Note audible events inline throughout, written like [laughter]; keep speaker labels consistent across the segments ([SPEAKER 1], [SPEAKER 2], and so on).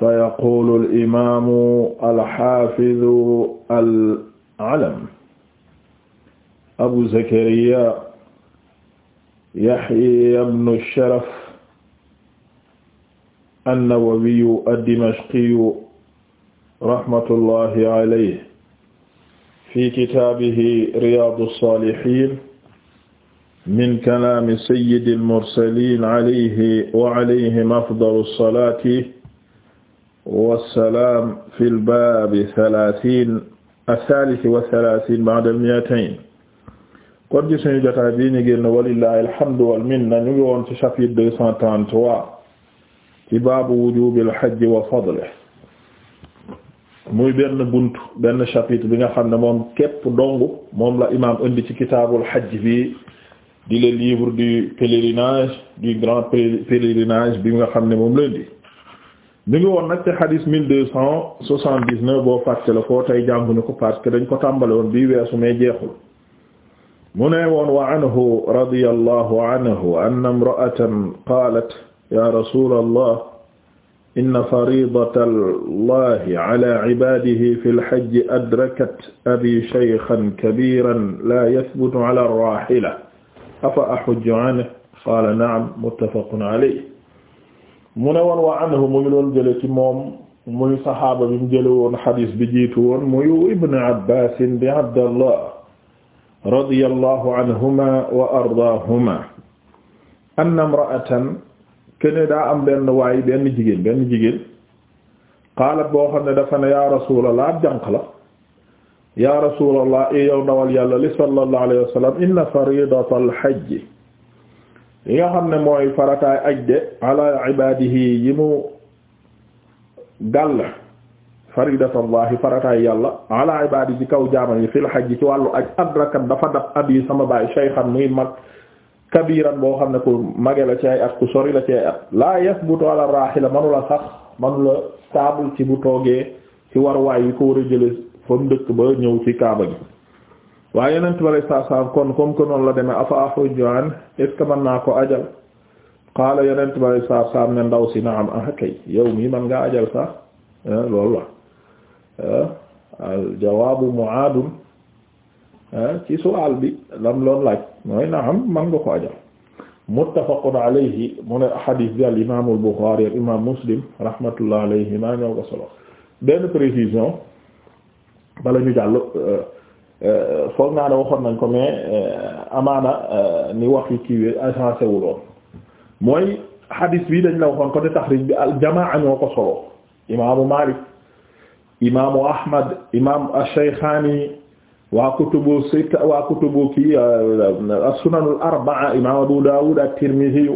[SPEAKER 1] sayaqulu al'imamu alxafidu al'alam abu zakariya yaxya ibnu sharaf annawawiyu addimashqiyu rahmatullahi alayhi fi kitaabihi riyaadu saalihiin min kalaami sayyidil mursaliin alayhi wa alayhim afdalu salaati wasalaam fil baabi salaasin as-saalis wa salaasin ba'da al-mi'atayn kon ci suñu jotaay bii ñu génn walillahi alhamdu wal minna ñu ngi woon ci chapitre deux cent trente-trois ci baabu wujubil hajji wa fadlihi muy benn bunt benn chapitre bi nga xam ne moom képp dong moom la imaam indi ci kitaabul hajj bi di le livre du pèlerinage du grand pèlerinage bi nga xam ne moom la indi ñu ngi woon nag ci xadis mille deux cent soixante-dix-neuf boo fàttale ko tey jànguñu ko parce que dañ ko tàmbale woon bii weesu mais jeexul mu ne woon wa anhu radiyallahu anhu anna imra'atan qaalat ya rasulallah inna faridata allahi ala ibadihi fi lhajji adrakat abi shaykhan kabiran la yathbutu ala arrahila afa ahujju anhu qaala na'am muttafaqun alayhi mu ne woon wa anhu mu ngi doon jële ci moom muy saxaaba bi mu jële woon xadiis bi jiitu woon muy ibn Abbaas bi Abdallah radiyallahu anhuma wa ardaahuma anna imra'atan kene daa am benn waay benn jigéen benn jigéen qaalat boo xam ne dafa ne yaa rasuulallah jànq la yaa rasuulallah i eh yow ndawal yàlla li sallallahu alayhi wa sallam inna fariidatal hajj yi nga xam ne mooy farataay aj de ala ibadihi yi mu gàll faridatallahi farataay yàlla ala ibadi ci kaw jaaman yi fil hajj ci wàllu aj adrakan dafa dab ab yi sama baay shaykhan muy mag kabiran boo xam ne ku mage la ci ay at ku sori la ci ay at la yasbutu ala rahila manula sax manula stable ci bu toogee ci war yi ko war a jële fa mu dëkk ba ñëw ci kaaba gi waaye yeneen tubaab saa saa kon comme que noonu la demee afa axruju an est-ce que mën naa ko ajal qaala yeneen tubaab saa saa ne ndaw si naam ah kay yow mii man ngaa ajal sax eh, loolu la eh, al jawaabu mu'aadun eh, ci su'aal bi lam loon laaj mooy naam man nga ko ajal muttafaqun alayhi mu ne hadith bi al imaam al Buxaari al imaam Muslim rahmatullah alayhi maa ñoo ko solo benn précision bala ñu jàll. Euh, foog naa ne waxoon nañ ko mais euh, amaana euh, ni wax yu kiiwee agencé wu lool mooy hadis bi dañ la waxoon ko de taxrij bi al jamaa ñoo ko Ahmad imaam ash-Shaykhaani waa kutubu sitta waa kutubu kii as-sunanul arba'a imaam Abu Daawud at-Tirmidhi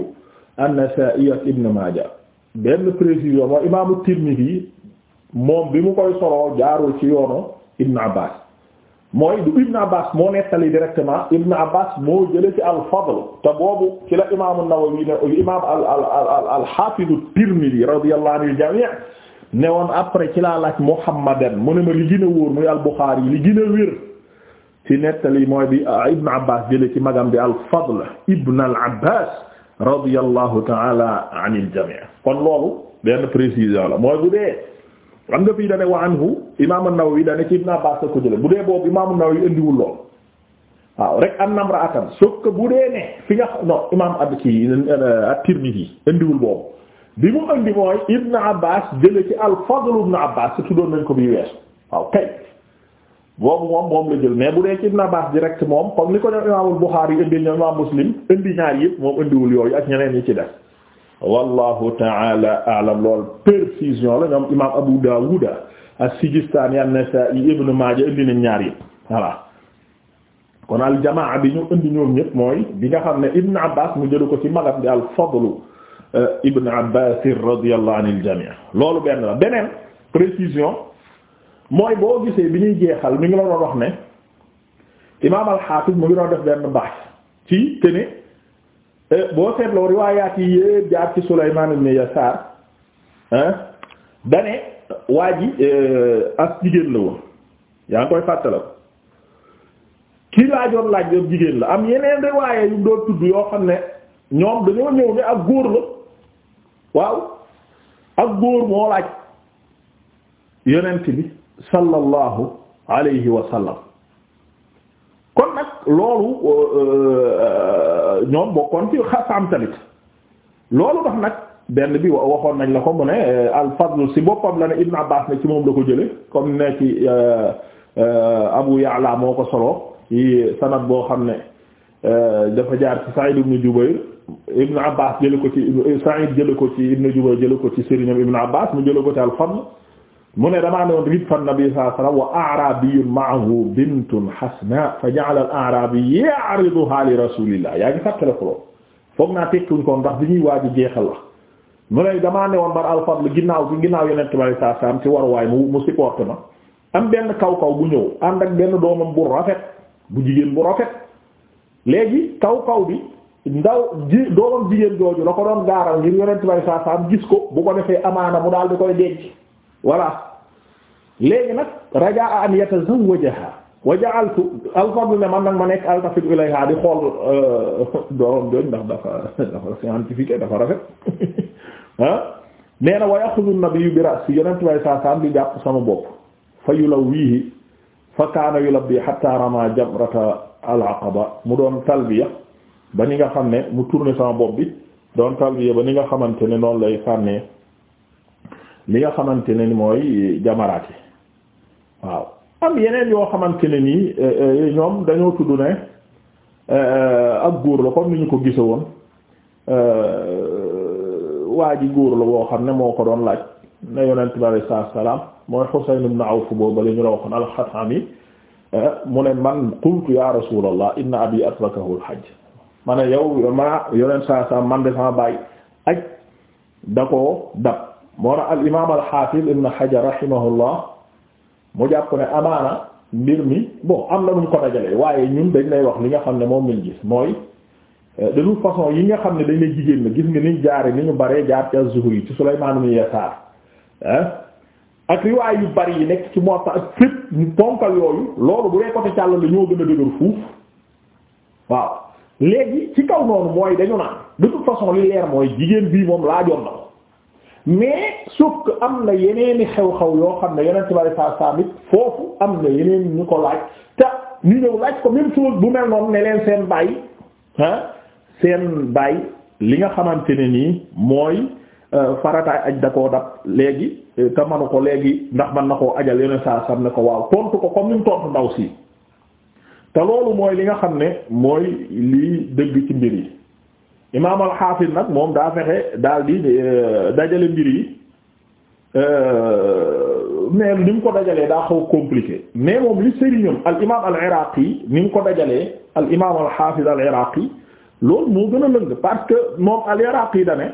[SPEAKER 1] an-Nasaa'i ak Ibn Maaja benn précision mooy imaamu Tirmidhi moom bi mu koy solo jaarul ci yoonu Ibn Abbaas mooy du Ibn Abbas moo nettali directement Ibn Abbas moo jële ci al-Fadl te boobu ci la imaamu Nawawi ne imaam al al al al-Hafiz at-Tirmidhi radiyallahu anil jami' ne woon après ci laa laaj Muhammadan mu ne ma li gën a wóor muy al-Bukhari li gën a wér ci nettali mooy bi ah, Ibn Abbas jële ci magam bi al-Fadl Ibn al-Abbas radiyallahu ta'ala anil jami' kon loolu benn précision la mooy bu dee. xam nga fii dane wa anhu imaam an-Nawawi dane ci Ibn Abbas la ko jëlee bu dee boobu imaam an-Nawawi indiwul lool waaw rek am namra atan sauf que bu dee ne fi nga non imaam ab ci at-Tirmidhi boobu bi mu indi mooy Ibn Abbas jële ci al-Fadl ibn Abbas su tuddoon nañ ko bii weesu waaw kay boobu moom moom la jël mais bu dee ci Ibn Abbas direct moom comme ni ko def imaamul Bukhari indi ñoom imaam Muslim indi ñaar yëpp moom indiwul yooyu ak ñeneen ñi ci def wallahu taala alam lool précision la ñoom imam Abu Dawud as-Sijistani an-Nasa'i Ibn Majah indi nañ ñaar yi voilà kon al jamaa bi ñu indi ñoom ñëpp mooy bi nga xam ne Ibn Abbas mu jëlu ko ci magam bi al-Fadl euh, Ibn Abbas radiyallahu anil jami' loolu benn la beneen précision mooy boo gisee bi ñuy jeexal mi ngi la doon wax ne imaam al mu ngi doon def benn baax ci te Eh, boo seetloo riwaayaat yi yépp jaar ci Sulaymaan ibn Yasaar eh, dane waa ji eh, as jigéen la woon yaa ngi koy fàttala ko kii laajoon laaj bi jigéen la am yeneen riwaaye yu doon tudd yoo xam ne ñoom dañoo ñëw ne ak góor la waaw ak góor moo laaj yonent bi sallallahu alayhi wa kon nag loolu euh, ñoom bokkoon ci xasaam tamit loolu tax nag benn bi waxoon nañ la ko mu ne euh, al fadl ci boppam la ne Ibn Abbas ne ci moom la ko jële kom ne ci euh, Abu Ya'la moo ko solo ci sanad boo xam ne dafa jaar ci Sa'id ibn Jubayr Ibn Abbas jële ko ci Sa'id jële ko ci Ibn Jubayr jële ko ci sëriñam Ibn Abbas mu jële ko ci al mu ne damaa ne woon ridfa nabi sallallahu alayhi wasallam wa a'rabiyyun ma'ahu bintun hasna fa ja'ala al-a'rabi ya'riduha li rasulillah yaa ngi fàttale ko foog naa tekkuñ ko ndax bi ñuy waaj a jeexal la mu ne damaa ne woon bar al-Fadl ginnaaw bi ginnaaw yeneen tubaab yi saa saa am ci waruwaay mu mu supporté ma am benn kaw kaw bu ñëw ànd ak benn doomam bu rafet bu jigéen bu rafet léegi kaw kaw bi ndaw ji doomam jigéen jooju la ko doon gaaral ngir yeneen tubaab yi saa saa am gis ko bu ko defee amaana mu daal di koy denc. voilà léegi nag rajaa an yatazawwajaha wa ja'altu alfadl ne man nag ma nekk altafit ilayha di xool euh, [laughs] doom jooñ ndax dafa dafa scientifique dafa rafet ah [laughs] nee na wa yaxudu nabiyyu bi ra'si yonent way saasaan di jàpp sama bopp fa yulawwihi fa kaana yulabbi hatta rama jamrata al-aqaba mu doon talbiya ba ni nga xam ne mu tourné sama bopp bi doon talbiya ba ni nga xamante ne noonu lay sànnee li nga xamante ne ni mooy jamaraat yi waaw am yeneen yoo xamante ne nii eh, eh, ñoom dañoo tudd ne eh, ak góor la comme ni ñu ko gise woon waa ji góor la boo xam ne moo ko doon laaj ne yonent bi alayhi salaatu salaam mooy Husayn ibn Awf boobu la la waxoon al-Xatami mu ne man qultu ya rasulallah inna abi adrakahu al-hajj ma yow ma yonent saa saa man de sama bàyyi aj da koo dab moo tax al imaam al xaafid ibn Hajar rahimahullah mu jàpp ne amaana mbir mi bon am na nu ko dajalee waaye ñun dañ lay wax li nga xam ne moom lañ gis mooy euh, de toute façon yi nga xam ne dañ lay jigéen na gis nga niñ jaare ni ñu baree jaar ci az-Zuhri ci Sulaymaan ibn Yasaar ah ak riwaay yu bari yi nekk ci Muwatta ak fépp ñu yooyu loolu bu dee côté càll la ñoo gën a dëgër fuuf waaw léegi ci kaw noonu mooy dañu naan de toute façon li leer mooy jigéen bii moom laajoon mais suuf am na yeneeni xew-xew yoo xam ne yeneen ci bari saa saa it foofu am na yeneen ñu ko laaj te ñu ñëw laaj ko même chose bu mel noonu ne leen seen baay ah seen bàyyi li nga xamante ne nii mooy euh, farataay aj da koo dab léegi te manu ko léegi ndax mën na koo ajal yeneen saa saa ne ko waaw tontu ko comme ni mu tontu ndaw si te loolu mooy li nga xam ne mooy lii dëgg ci mbir yi. imaam al-Hafiz nag moom daa fexe daal di euh, dajale mbir yi euh, mais ni mu ko dajalee daa xaw compliqué mais moom li sëriñam al imaam al-Iraqi ni mu ko dajalee al imaam al-Hafiz al-Iraqi loolu moo gën a lëng parce que moom al-Iraqi da ne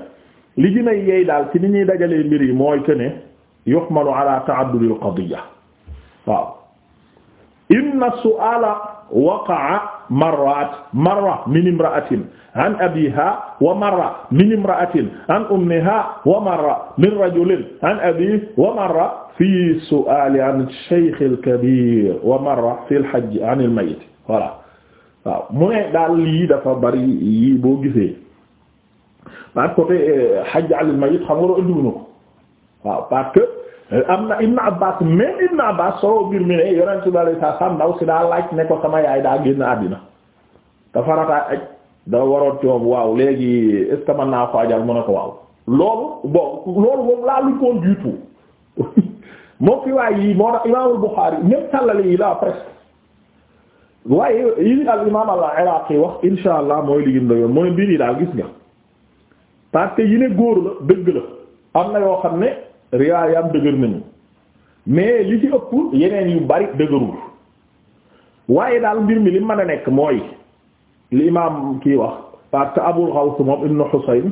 [SPEAKER 1] li gën a yeey daal ci ni ñuy dajalee mbir yi mooy que ne yuhmalu ala ta'addud al-qadiyya waaw inna su'ala waqa'a marrat marra min imra'atin an abiha wa marra min imra'atin an ummiha wa marra min rajulin an abi wa marra fi su'ali an shaykh al-kabir wa marra fi al-hajj an al-mayyit voilà waaw mu ne daal lii dafa bari yi boo gisee par côté eh, hajj an al-mayyit xam nga indiwuñu ko waaw parce que am na Ibn Abbas même Ibn Abbas solo mbir mi ne yonent bi alayhi salaam ndaw si daa laaj ne ko sama yaay daa génn àddina te farataay aj da waroon ci waaw léegi est naa ko ajal mu ne ko waaw loolu bon loolu laa luñ koon du tout [laughs] moom fi waay moo tax imaamul Buxaari même tàllale yi la presque waaye yi al imaam al Iraqi wax insha allah mooy liggéey ndaw yoon mbir yi daal gis nga parce yi ne góor la dëgg la am na yoo xam ne riwaayam dëgër nañu mais li ci ëpp yeneen yu bari dëgërul waaye daal mbir mi li mën a nekk mooy li imaam kii wax parce que Abul Xaws moom ibnu Husayn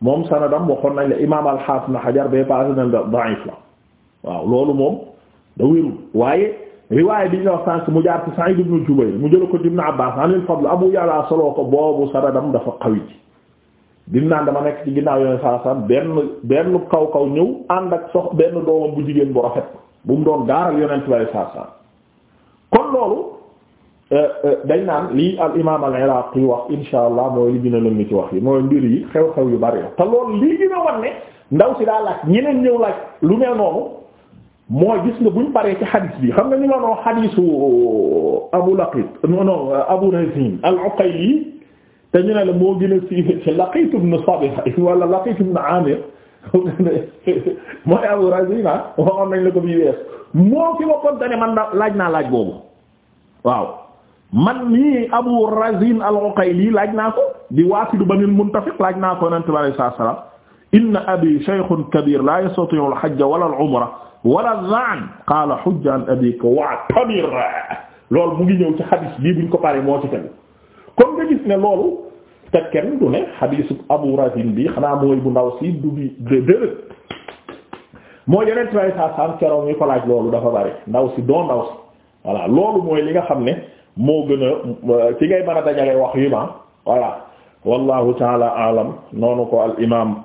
[SPEAKER 1] moom sanadam waxoon nañ la imaam al-Hasan Hajar ba passé nañ la da'if la waaw loolu moom da wérul waaye riwaay bi ñu wax sànq mu jaar ci Sa'id ibn Jubayr mu jëla ko Ibn Abbas an al-Fadl Abu Ya'la soloo ko boobu sanadam dafa xawit dim naan dama nekk ci ginnaaw yoneen saa saa benn benn kaw kaw ñëw ànd ak sox benn doomam bu jigéen bu rafet bu mu doon gaaral yonent bi saa saa kon loolu euh, euh, dañ naan lii al imaam al iraqi wax insha allah mooy li gën a lëng ci wax yi mooy mbir yi xew-xew yu bari la te loolu lii gën a ne ndaw si daa ñeneen ñëw laaj lu mel noonu mooy gis nga buñ paree ci xadiis bi xam nga ñu la noo xadiisu abu laqit non abu razin al uqayli te ñu ne la moo gën a siiwee ci Laqit ibn Sabiha wala Laqit ibn Amir [laughs] mooy Abu Razina waxoon nañ la ko bii wees moo fi waxoon te ne man laaj naa laaj boobu waaw man nii Abu Razin al-Uqayli laaj naa ko di Waafidu Banil Muntafiq laaj naa ko Yonent bi sallallahu alayhi wasallam inna abi shaykhun kabir la yastati'u al-hajja wala al-umra wala al-dha'n qala hujja an abika wa'tamir loolu mu ngi ñëw ci hadith bii buñ ko paree moo ci tegu kon nga gis ne loolu te kenn du ne xadiisu Abu Razin bi xanaa mooy bu ndaw si du bi dërët moo yeneen tray saa saam keroog ñu ko laaj loolu dafa bari ndaw si doo ndaw si voilà loolu mooy li nga xam ne moo gën a ci euh, ngay mën a dajale wax yu ma voilà wallahu taala alam noonu ko al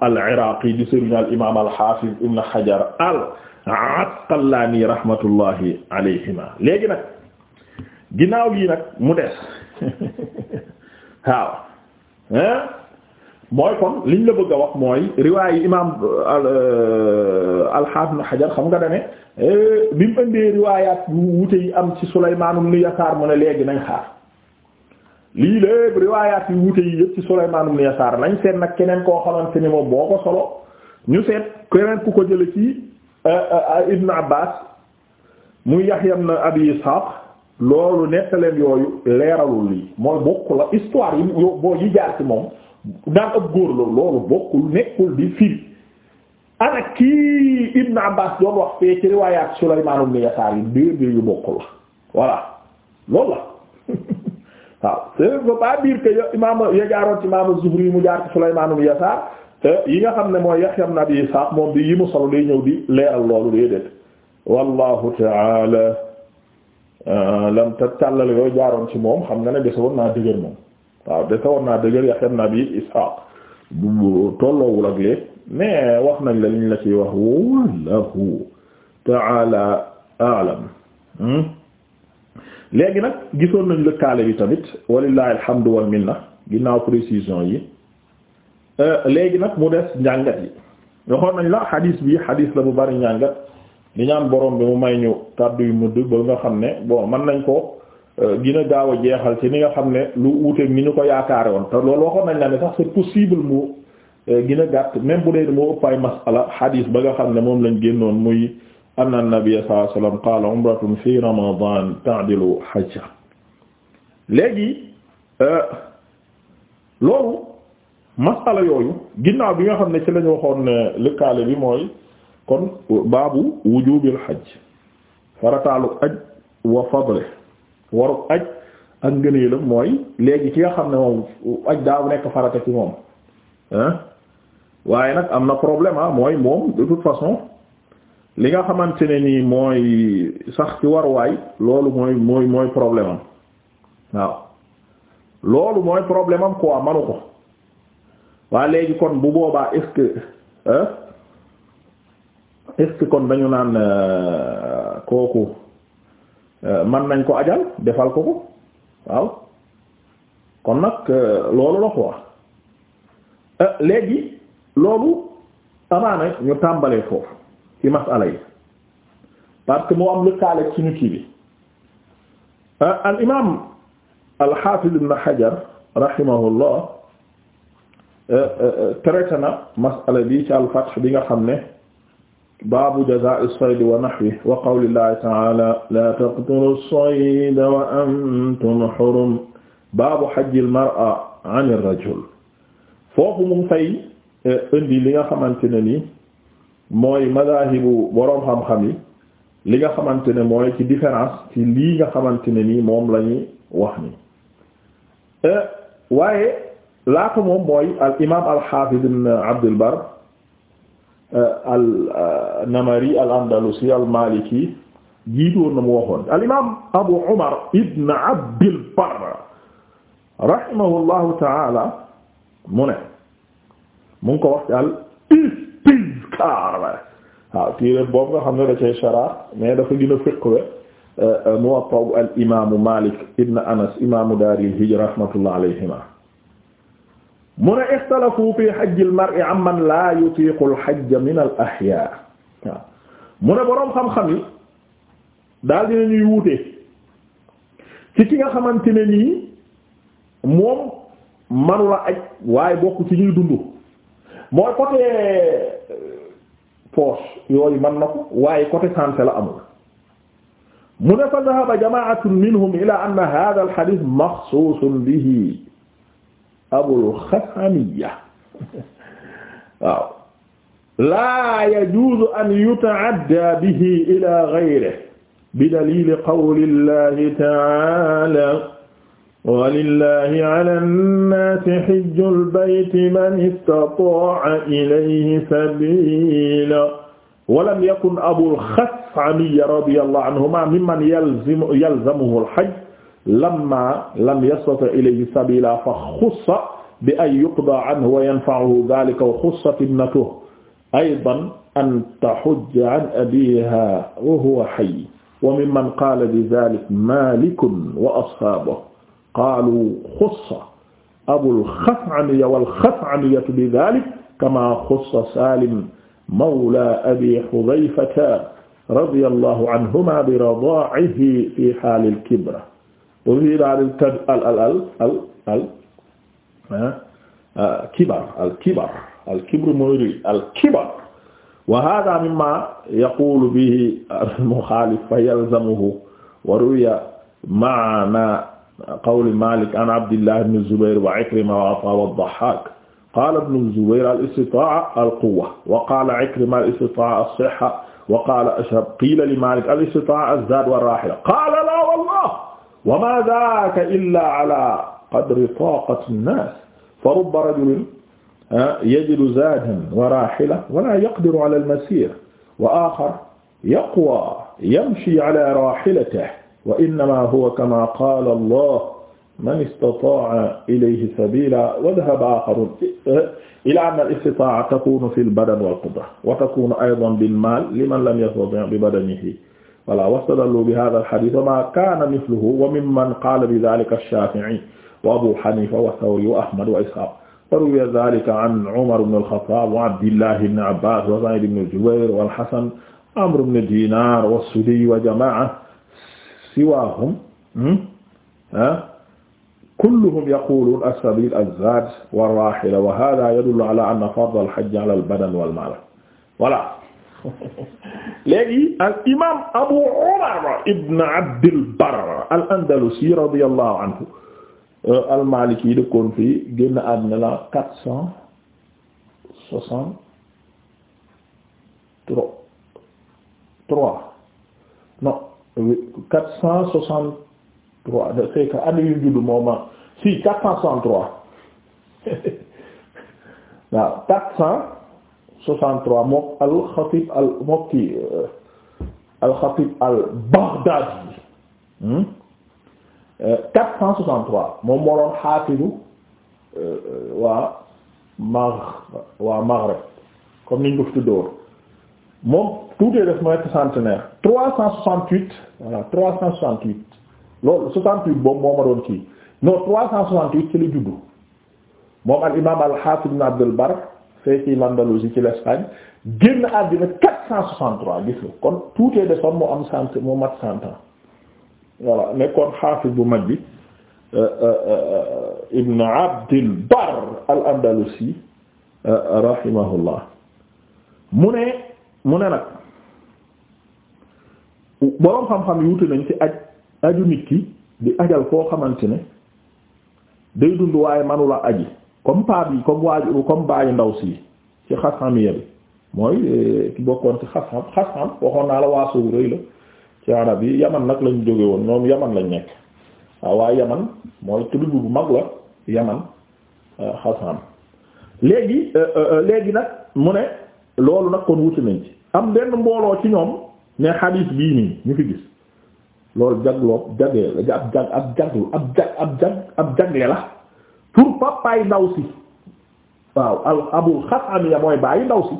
[SPEAKER 1] al iraqi di sëriñ al al xaafiz ibn hajar al asqalaani rahmatullahi alayhima léegi nag ginnaaw lii nag mu des [laughs] waaw hein mooy kon liñ la bëgg a wax mooy riwaay yi imaam euh, euh, al-Hafiz Ibn Hajar xam nga da euh, bi mu ëndee riwaayaat yu wute yi am ci Sulaymaan ibn Yasaar mu ne léegi nañ xaar lii léegi riwaayaat yu wute yi yëpp ci Sulaymaan ibn Yasaar nañ seet nag keneen koo xamante ni moom boo ko solo ñu seet keneen ku ko jële ci Ibn Abbaas muy Yahya ibn Abi Ishaq loolu nettaleen yooyu leeralul lii mooy bokkul la histoire yi boo yi jaar ci moom daan ab góor loolu bokkul nekkul di firi ana kii Ibn Abbas doon wax fee ci riwaayaat Sulaymaan ibn Yasaar yi [laughs] biir mu jaar ci nga xam ne mooy Yahya ibn moom bi yi mu solo day ñëw di leeral loolu déedéet wallahu ta'ala Euh, lam ta càllale yooyu jaaroon ci moom xam nga ne dese woon naa dëgër moom waaw dese woon naa dëgër Yahya naa bi Ishaq bu tolloowul ak léeg mais wax nañ la liñ la ciy wax wallahu ta'ala a'lam hmm? léegi nag gisoon nañ lëkkaale bi tamit walillahi alhamdu wal minna ginnaaw précision yi euh, léegi nag mu des njàngat yi waxoon nañ la xadiis bi xadiis la bu bari njàngat di ñaan borom bi mu may ñu kàddu yu mudd ba nga xam ne bon mën nañ ko euh, gën a gaaw a jeexal ci ni nga xam ne lu wuuteeg ni ñu ko yaakaare woon te loolu waxoon nañ la ne sax si possible mu euh, gën a gàtt même bu dee moo ëpp ay masala xadiis ba nga xam ne moom lañ génnoon muy anna an-nabiyya sallallahu alayhi wasallam qaala umratun fi ramadan ta'dilu hajja léegi euh, loolu masala yooyu ginnaaw bi nga xam ne ci lañu waxoon ne lëkkaale bi mooy kon baabu wujubil xaj farataalu aj wa fadle waru aj ak ngëneelam mooy léegi ki nga xam ne moom aj daa nekk farata ci moom waaye nag am na problème ah, mooy moom de toute façon li nga xamante ne nii mooy sax ci waruwaay loolu mooy mooy mooy problème am waaw loolu mooy problème am quoi manu ko waa léegi kon bu boobaa est est kon dañu naan euh, kooku euh, man nañ ko ajal defal ko ko waaw kon nag euh, loolu la quoi léegi loolu amaana ñu tàmbalee foofu ci masala yi parce que moo am lu kaale suñu kii bi al imaam al xaafiz ibn Hajar rahimahullah traité na masala bi ci al Fath bi nga xam ne baabu jazaa'i saydi wa nahwihi wa qawlillaahi ta'aalaa laa taqtuluu sayda wa antum hurum baabu hajjil mar'a anir rajul foofu mu ngi fay eh, indi li nga xamante ne ni mooy madaahibu boroom xam-xam yi li nga xamante ne mooy ci différence nga xamante ne ni moom la ñuy wax eh, laata moom mooy al imaam al haafiz ibn Abdul Barr Euh, al euh, namari al andalusi al maliki jiitoon na mu waxoon al imaam abu umar ibn abdil barr rahimahullahu taala mu ne mu ngi ko wax ci al istizkaar waaw téere boobu nga xam ne da cay shara mais dafa gën a fiqwe euh, muwatta al imaamu malik ibn anas imaamu daaril hijra rahmatullah alayhima mu ne ixtalafu fi xajjil mar'i amman laa yutiiqu alxajja min al ahyaa waaw mu ne boroom xam-xam yi daal dina ñuy wuute ci ki nga xamante ne nii moom manula aj waaye bokk ci ñuy dund mooy côté euh, poche yooyu man na ko waaye côté santé la amul mu ne fa dahaba jamaatun minhum ila anna hadha al hadith maxsuusun bihi abul xasamiya waaw laa yajuuzu an yuta'adda bihi ila ghayrihi bi dalili qawli llahi ta'ala walillahi ala nnaasi hijjul bayti man istata'a ilayhi sabila walam yakun abul xasamiya radiyallahu anhuma mimman yalzamuhu al-hajj lamma lam yastati ilayhi sabila fa xussa bi ay yuqda anhu wa yanfa'uhu dhalika wa xussat ibnatuhu aydan an tahujja an abiha wa huwa hayy wa mimman qaala bi dhaalika maalikun wa ashaabuhu qaalu xussa abul xas'amiyya wal xas'amiyyatu bi dhaalika kamaa xussa Saalim mawlaa abii Hudayfata radiyallaahu anhumaa bi radaa'ihi fii haalil kibra wa fii daal al al al al al ah, ah kibar al kibar al kibr mooy rëy al kibar wa hada mimma yaqulu bihi al muxaalif fa yalzamuhu wa ruwiya maana qawli Malik an Abdillah ibn Zubair wa Ikrima wa Ata wa Dahhak qaala ibn Zubair al istitaa'a al quwwa wa qaala Ikrima al istitaa'a as-sihha wa qaala Ashhab qiila li Malik al istitaa'a az-zaad wa ar-raahila qaala laa wallah wa ma daaka illa ala qadri taqati nnas fa rubba rajulin ah, yajidu zaadan wa raahilatan wa la yaqdiru ala al-masiir wa aaxar yaqwa yamshi ala raahilatihi wa innamaa huwa kamaa qaala Allah man istataa'a ilayhi sabiilan wa dhahaba aaxaruun ilaa anna al-istitaa'a takuunu fil badan wal qudra wa takuunu aydan bil maal liman lam yastati' bi badanihi voilà wastadallu bi hadha alhadith wa ma kana mithluhu wa mimman qala bi dhalika ash-shafi'i wa abu hanifa wa thawri wa ahmad wa ishaq wa ruwiya dhalika an umar ibn al-khattab wa abdillah ibn abbas wa sa'id ibn jubayr wal hasan amr ibn dinar was-suddi wa jama'a siwahum hmm? kulluhum yaqulun as-sabil az-zad war-rahila wa hadha yadullu ala anna fadl al-hajj ala al-badan wal mal voilà [laughs] léegi al imaam Abu Umar ibn Abd al-Barr al-Andalusi radiyallahu anhu euh, al-Maliki yi dëkkoon fii génn àddina quatre cent soixante trois trois non quatre cent soixante trois c'est que quatre cent trois [laughs] 63 moom al-Khatib al moom al-Khatib al euh, hmm? euh, moom moo doon xaafidu euh, waa Maghreb waa Maghreb comme niñ ko fi tuddoon moom tuutee def mooy centenaire 368 voilà 368 loolu 68 boobu moo ma doon kii non 368 ci la juddu moom al imaam al-Hafiz ibn Abd al fee ci l'Andalousie ci l'Espagne génn àddina quatre cent gis nga kon tuutee desoon mu am cent mu mat cent ans nekkoon xaafis bu mag bi euh, euh, euh, Ibn Abdil Barr al-Andalusi rahimahullah mu ne mu ne nag boroom xam-xam yi wuute nañ ci aj aju nit ki di ajal koo xamante ne day dund waaye manula aji comme paa bi comme waaju comme baayu ndaw si ci xasam bi mooy ki bokkoon ci xasam xasam waxoon naa la waa suuf rëy la ci arab yi yaman nag lañu jóge woon ñoom yaman lañ nekk waaw waa yaman mooy tribu bu mag la yaman xasam léegi léegi nag mu ne loolu nag kon wuti nañ ci am benn mbooloo ci ñoom ne xadiis bii nii ñu fi gis loolu jagloob jagleel ab jag ab jaglu ab jag ab jag ab jagle la tur papaay ndaw si waaw al abul xasam mooy bàyyi ndaw si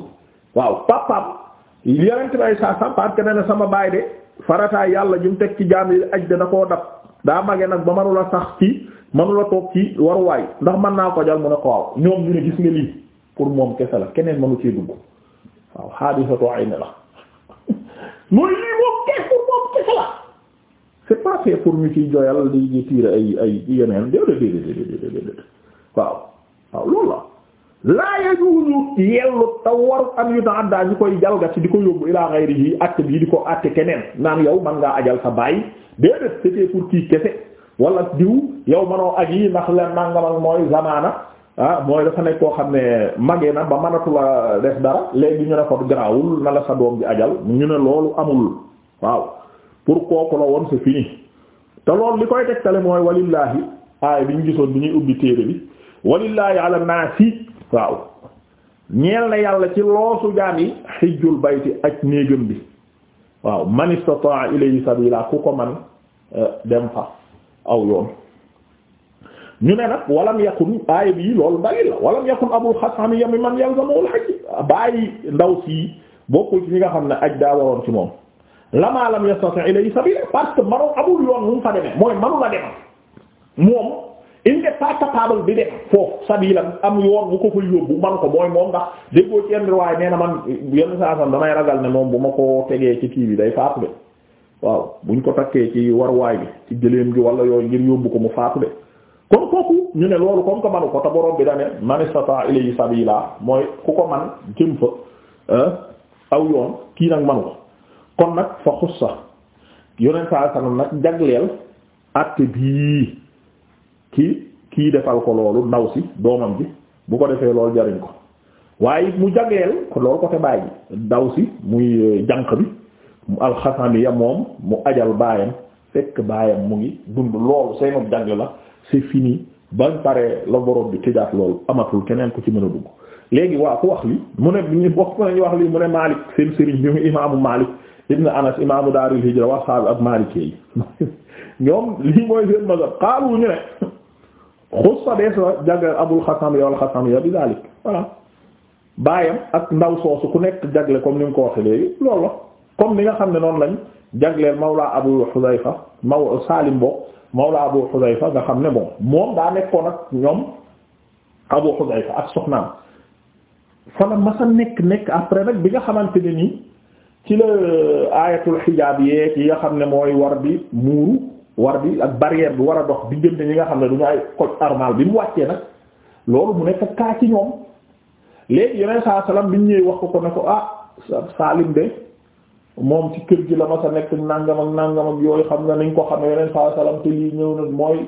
[SPEAKER 1] waaw papaam yonent bay saa sa parce que na sama baay de farataay yàlla ñu teg ci jaam yi aj dana koo dab daa mage nag ba manula sax ci manula toog ci waruwaay ndax mën naa ko jal mu ne ko waaw ñoom ñu ne gis nga lii pour moom kese la keneen mënu ci dugg waaw xaadisatu ayni la [laughs] mooy lii moom kese la c'est pas pour ñu ciy joyal di di tiire ay ay yeneen déedéet déedéet waaw loolu la laa yajuuzu yellu te waru am yu tax daa ñu koy jalgati di ko yóbbu ilaa xayri yi àtte bii di ko àtte keneen naan yow man ngaa ajal sa baay déedéet c'était pour kii kese wala diw yow manoo aj yi ndax leen nangamal mooy zamaana ah, mooy dafa nekk koo xam ne màggee na ba mënatula def dara léegi ñu ne ko garaawul na la sa doom bi ajal ñu ne loolu amul waaw pour kooku la woon c'est fini te loolu li koy tegtale mooy walillaahi aay bi ñu gisoon bi ñuy ubbi téere bi walillaahi ala naasi waaw ñeel na yàlla ci loosu jaam yi xijjul bayti ak néegam bi waaw man istata'a ilayhi sabila ku ko man euh, dem fa aw yoon ñu ne nag walam yakun aaya bi loolu dalil la walam yakun abul xasami yami man yalzamuhu al hajj bàyyi ndaw sii bokkul ci ñi nga xam ne ak daa ci moom lama lam yastati ilayhi sabila parce que manoon amul yoon mu fa demee mooy manu la moom il n'est pas capable bi dem foofu sabila am yoon bu ko fa yóbbu manu ko mooy moom saa damay ragal ne moom bu ma ko tegee ci kii bi day faatu de waaw buñ ko takkee ci warwaay bi ci gëléem gi wala yooyu ngir yóbbu ko mu faatu de kon kooku ñu ne loolu comme que manu ko te borom bi dane man istata yi sabila mooy ku ko man jëm fa ah, aw yoon kii nag manu ko kon nag fa xussa yonent saa sallam nag jagleel àtte bii kii kii defal ko loolu ndaw si doomam bi bu ko defee loolu jariñ ko waaye mu jagleel ko loolu ko te bàyyi ndaw si muy euh, jànq bi mu alxasami ya moom mu ajal baayam fekk baayam mu ngi dund loolu seenu jagl la si fini bañ paree la borom bi tëjaat lool amatul keneen ku ci mën a dugg léegi waa ku wax li mu ne ñu wax ku ne Maalik seen sëriñ bi mu imaamu Maalik ibn anas imaamu daaril hijra wa ashab ak yi ñoom lii mooy seen mazhab xaalu ñu ne xussa dee sa jagleel abul xasam ya baayam ak ndaw soosu ku nekk jagle comme ni mu ko waxee léegi loolu la comme ni nga xam ne noonu lañ jagleel mawla abu xudayfa maw saalim bo mawla abu xudayfa nga xam ne bon moom daa nekkoon ak ñoom abu xudayfa ak soxnaam fana masa nekk nekk après nag bi nga xamante ne nii ci la euh, aayatul xijaab yeeg yi nga xam ne mooy war bi muuru war bi ak barrière bi war a dox diggante ñi nga xam ne du ñu ay koj armal bi mu wàccee nag loolu mu nekk kaa ci ñoom léegi yeneen saa salaam bi ñu ñëwee wax ko ko ne ko ah Salim de moom ci kër gi la ma sa nekk nangam ak yooyu xam nga nañ ko xam ne yeneen saa salaam te lii ñëw na mooy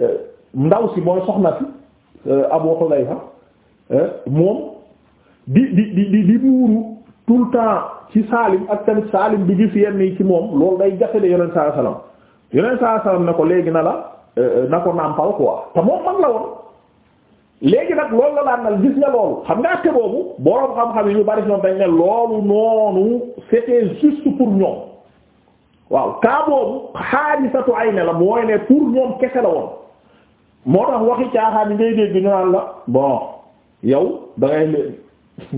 [SPEAKER 1] euh, ndaw si mooy soxna si euh, Abu Hudayfa moom di di di di muuru tout le temps. ci saalim ak tamit saalim bi gis yenn yi ci moom loolu day jafe de yonent saa salaam yonent saa salaam ne ko léegi na la euh, euh, na ko nàmpal quoi te moom mag la woon léegi nag loolu la daan xam nga àtte boobu boroom xam ñu bari ñoom dañ ne noonu c'était juste pour ñoom waaw cas boobu xaadisatu ay ne la mooy ne pour ñoom kese la woon moo tax waxi caaxaan yi ngay dégg ñu la bon yow da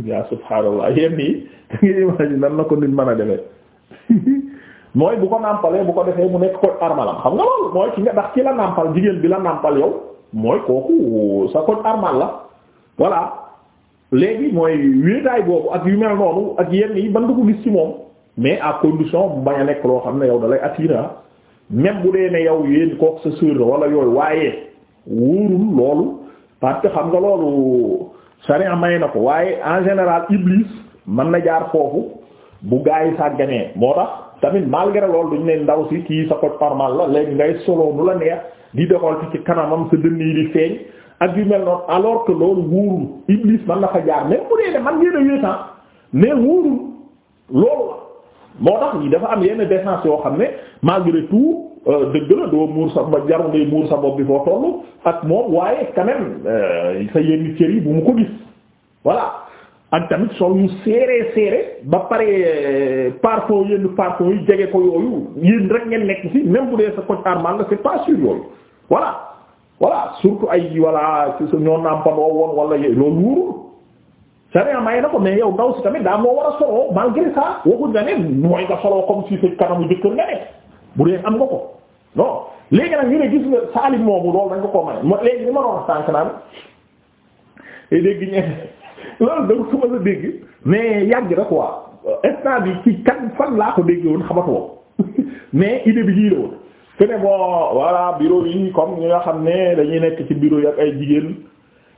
[SPEAKER 1] yaa subhaanallah yenn yi da imagine nan na ko nit mën a defee mooy bu ko nàmpalee bu ko defee mu nekk koñ armalam xam nga loolu mooy ki nga ndax ki la nàmpal jigéen bi la nàmpal yow mooy kooku sa koñ armal la voilà léegi mooy wéetaay boobu ak yu mel noonu ak yenn yi ban ko gis ci moom mais à condition bu bañ a nekk loo xam ne yow da lay attirer ah. même bu dee ne yow yéen kook sa sœur wala yooyu waaye wóorul loolu parce que xam nga loolu sariya may na ko waaye en général iblis mën na jaar foofu bu gaa yi sàgganee moo tax tamit malgré loolu duñ ne ndaw si kii sa ko normal la léegi ngay solo nu la neex di doxal ci ci kanamam sa dënn yi di feeñ ak yu mel noonu alors que loolu wóorul iblis mën na fa jaar même bu dee ne man ngeen a wéetaan ah, mais loolu la moo tax yi dafa am yenn défense yoo xam ne malgré tout. Euh, dëgg la doo muur sa ba jaru ngay muur sa bopp bi foo tollu ak moom waaye quand même euh, sa yenn cër yi bu mu ko gis voilà ak tamit sol yu seeree seere ba pare euh, parfum yenn parfum yi jege ko yooyu yéen rek ngeen nekk ci même bu dee sa coach armal la c'est pas yooyu voilà voilà surtout ay voilà ñoo nàmpandoo woon wala loolu wóorul sariya may na ko mais yow ndaw si tamit daa moo war a soloo malgré ça waxuñ nga ne mooy nga soloo comme si sa kanamu jëkkër bu dee am nga ko non léegi nag ñu ne gis nga saalim moomu loolu dañ ko ko ma léegi ni ma doon sànq naan dégg ñebe [laughs] loolu da nga ko mën a dégg mais [laughs] mais idée bi ji bon voilà bureau yi comme ñi nga xam ne dañuy nekk ci bureau yi ay jigéen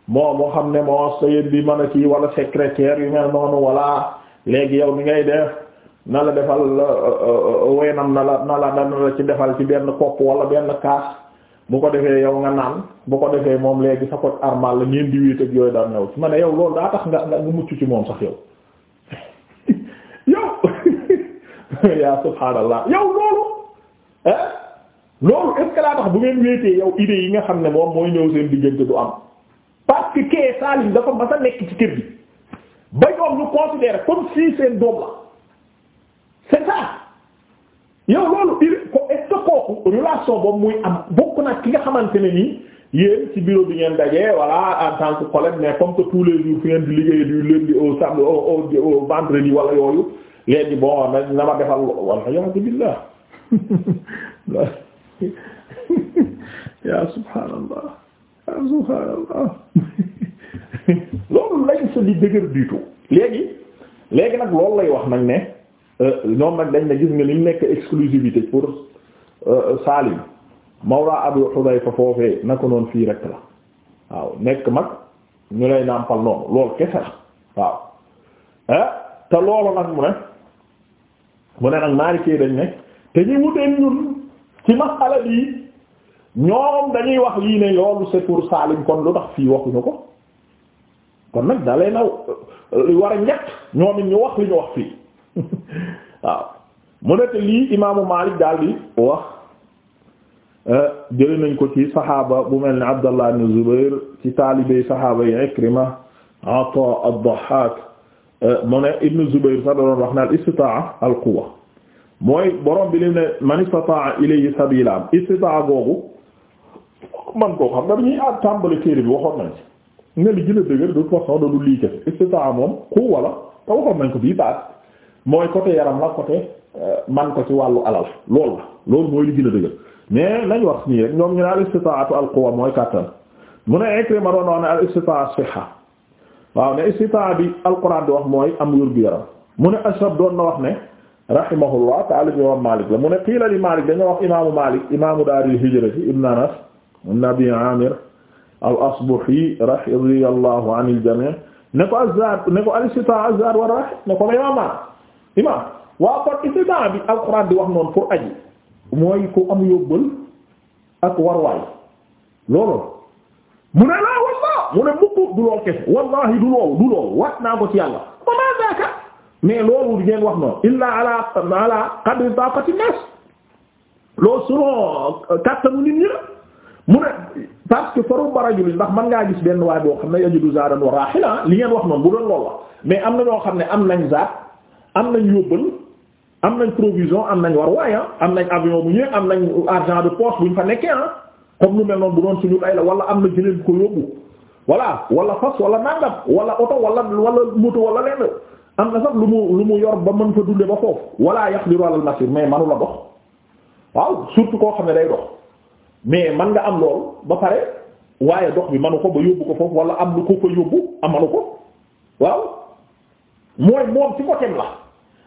[SPEAKER 1] moo moo xam ne moo sëyeen bi mën a ci wala secrétaire yu mel noonu voilà léegi yow mi ngay def. na la defal euh, euh, euh, weenam na la na la na ci defal ci benn kopp wala benn kaas bu ko defee yow nga naan bu ko defee moom léegi sa ko armal la ngeen di wéet ak yooyu daan ñëw ma ne yow loolu daa tax nga nga mucc ci moom sax yow [laughs] yow [laughs] yaa subhaanallah yow loolu ah loolu est ce que tax bu ngeen wéetee yow idée yi nga xam ne moom mooy ñëw seen diggante du am parce kee Salim dafa mas a nekk ci kër gi ba ñoom ñu considérer comme si seen doom la. c'est ça yow loolu il ko est kooku relation boobu muy am bokk nag ki nga xamante ne nii yéen ci bureau bi ngeen dajee voilà en tant que collègue mais comme que tous les jours fi ngeen di liggéey du lundi au samedi au au vendredi wala yooyu léegi bon na na ma defal wala yaa billah [laughs] yaa subhaanallah yaa subhaanallah [laughs] nag loolu lay wax nag ne. Euh, ñoom nag dañ ne gis nga lim nekk exclusivité pour euh, Salim Mawla Abu Hudayfa foofee naka noonu fii rek la waaw nekk mag ñu lay nàmpal noonu loolu kese la waaw eh, te loolu nag mu ne mu ne nag maalikee dañ ne te ñu wuteen ñun ci masala bi ñoom dañuy wax lii ne yoolu c'est pour Salim kon lu tax fii waxuñu ko kon nag da lay naw euh, war a ñett ñoom it ñu wax li ñu wax fii [laughs] waaw mu nekk lii imaamu Maalik daal di wax eh, jëli nañ ko ci saxaaba bu mel ni Abdallah ibn Zubayr ci taalibey saxaaba yi Ikrima Ataa ad-Dahhaak eh, mu ne ibn wax na al al quwwa mooy borom bi lim ne man istataa ilayhi sabiila istitaa googu man koo xam nga dañuy aat tàmbali téere bi waxoon nañ ci ne li gën a dëgër de toute façon lii kese istitaa moom quwwa la te waxoon nañ ko bii baat mooy côté yaram la côté euh, man ko ci wàllu alal loolu la loolu mooy li gën a dëgër mais nañ wax nii rek ñoom ñu ne al istitaatu al quwa mooy kàttan mu ne Ikrima doon wax ne al istitaa siha waaw ne istitaa bi alquran di wax mooy am wér gu yaram mu ne Ashhab doon na wax ne rahimahullah taalib imam Malik la mu ne qiila li Malik dañoo wax imaamu Malik imaamu daaril hijrati ibn Anas ibn Abi Amir al-Asbahi radiyallahu anil jami' ne ko azzaad ne ko al istitaa azzaad war rahim ne ko imaam waaw kon istita'a bi alxuraan di wax noonu pour aji mooy ku am yóbbal ak warwaay loolu mu ne laa wallah mu ne mukk du lool kese wallahi du loolu du loolu wat naa ko ci yàlla ba maa daaka mais loolu di ngeen wax noonu illaa ala ala qadri taqati nas loolu selon euh, kàttanu nit ñi la mu ne parce que faru barajuli ndax mën ngaa gis benn waay boo xam ne yajudu zaadan wa raahila li ngeen wax noonu bu doon loolu la mais am na ñoo xam ne am nañ zaat am nañ yóbbal am nañ provision am nañ war waaye am nañ avion bu ñëwee am nañ argent de poche bu ñu fa nekkee ah comme lu mel noonu bu doon suñu ay la wala am na jëleen bu ko yóbbu voilà wala fas wala nangam wala oto wala wala moto wala lenn am na sax lu mu lu mu yor ba mën fa dundee ba foofu wala yaqdiru ala al-masir mais manu la dox waaw surtout koo xam ne day dox mais man nga am lool ba pare waaye dox bi manu ko ba yóbbu ko foofu wala am lu ko ko yóbbu amanu ko waaw mooy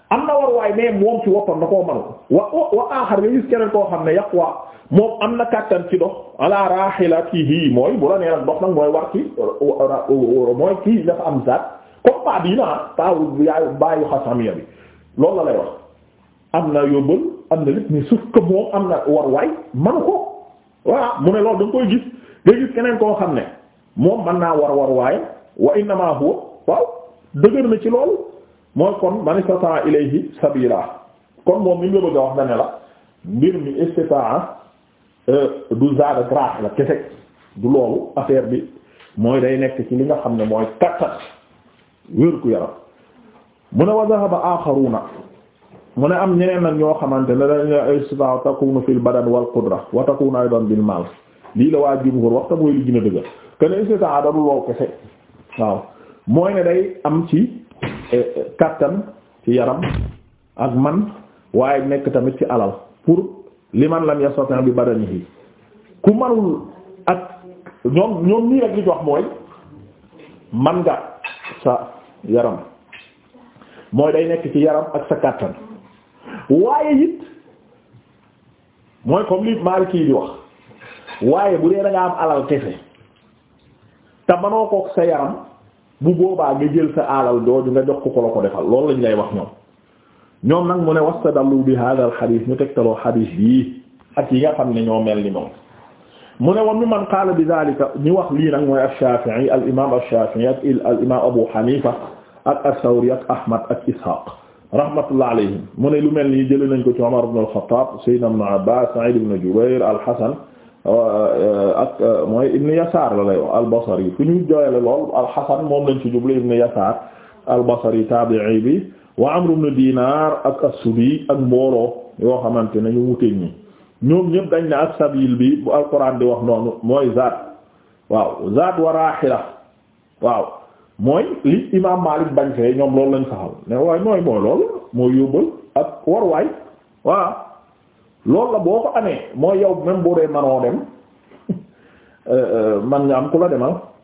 [SPEAKER 1] am na waruwaay mais moom ci woppam da koo manu wa wa aaxar nga gis keneen koo xam ne yaqwa moom am na kàttan ci dox kii rahilatihi mooy bu la nee dox nag mooy war ci mooy kii dafa am zaat comme pas bii naa taawul baayu xasamiya bi loolu la lay wax am na yóbbal am na lépp ni suuf que moom am na waruwaay manu ko voilà mu ne lool da nga koy gis nga gis keneen koo xam ne moom man naa war waruwaay wa innamaa huwa waaw dëgër na ci loolu mooy kon man istata'a ilayhi sabila kon moom li ñu bëgg a wax na ne la mbir mi istita'a euh, du zaada graax la kese du loolu affaire bi mooy day nekk ci li nga xam ne mooy kattan wér ku yaram mu ne wa dhahaba axaruna mu ne am ñeneen nag ñoo xamante ne dañu istita'a takunu fil badan wal qudra wa takunu aydan bil lii la waa jumhur waxta mooy li gën a dëgg kenn istita'a da du loolu kese waaw mooy ne day am ci. Eh, kàttan ci yaram ak man waaye nekk tamit ci alal pour li man lam yastati bi badanihi ku manul ak ñoom ñoom nii rek li wax mooy man nga sa yaram mooy day nekk ci yaram ak sa kattan waaye it mooy comme li Maliki di wax waaye bu dee da am alal kese te manoo kook sa yaram bu boobaa nga jël sa alal jooju nga jox ko ko la loolu lañ lay wax ñoom ñoom nag mu ne wastadallu bi hadha al hadith ñu tegtaloo hadith bii ak yi nga xam ne ñoo mel ni moom mu ne wa mimman qaala bi dhalika ñu wax lii nag mooy ash-Shafi'i al imam ash-Shafi'i ak al imam Abu Hanifa ak as-Sawri ak Ahmad ak Ishaq rahmatullah alayhim mu ne lu mel nii jëlee nañ ko ci Umar ibn al-Khattab Sayyidina ibn Abbas Sa'id ibn Jubayr al-Hasan Euh, euh, ak euh, mooy ibn Yasaar la lay wax al-Basri fi ñu jooyale lool al-Hasan moom lañ ci jublu ibn Yasaar al-Basri taabi'i bi wa Amr ibn Dinar ak as ak mbooloo yoo xamante ne ñu wuteeg ñi ñoom ñëpp dañ ne ak sabil bi bu alquran di wax noonu mooy zaat waaw zaat wa raaxila waaw mooy li imaam Maalik bañ fee ñoom loolu lañ saxal ne waaye mooy mooy loolu mooy yóbbal ak warwaay waaw. loolu la boo ko amee mooy yow même boo dee manoo dem [laughs] euh, euh, man nga am ku la demal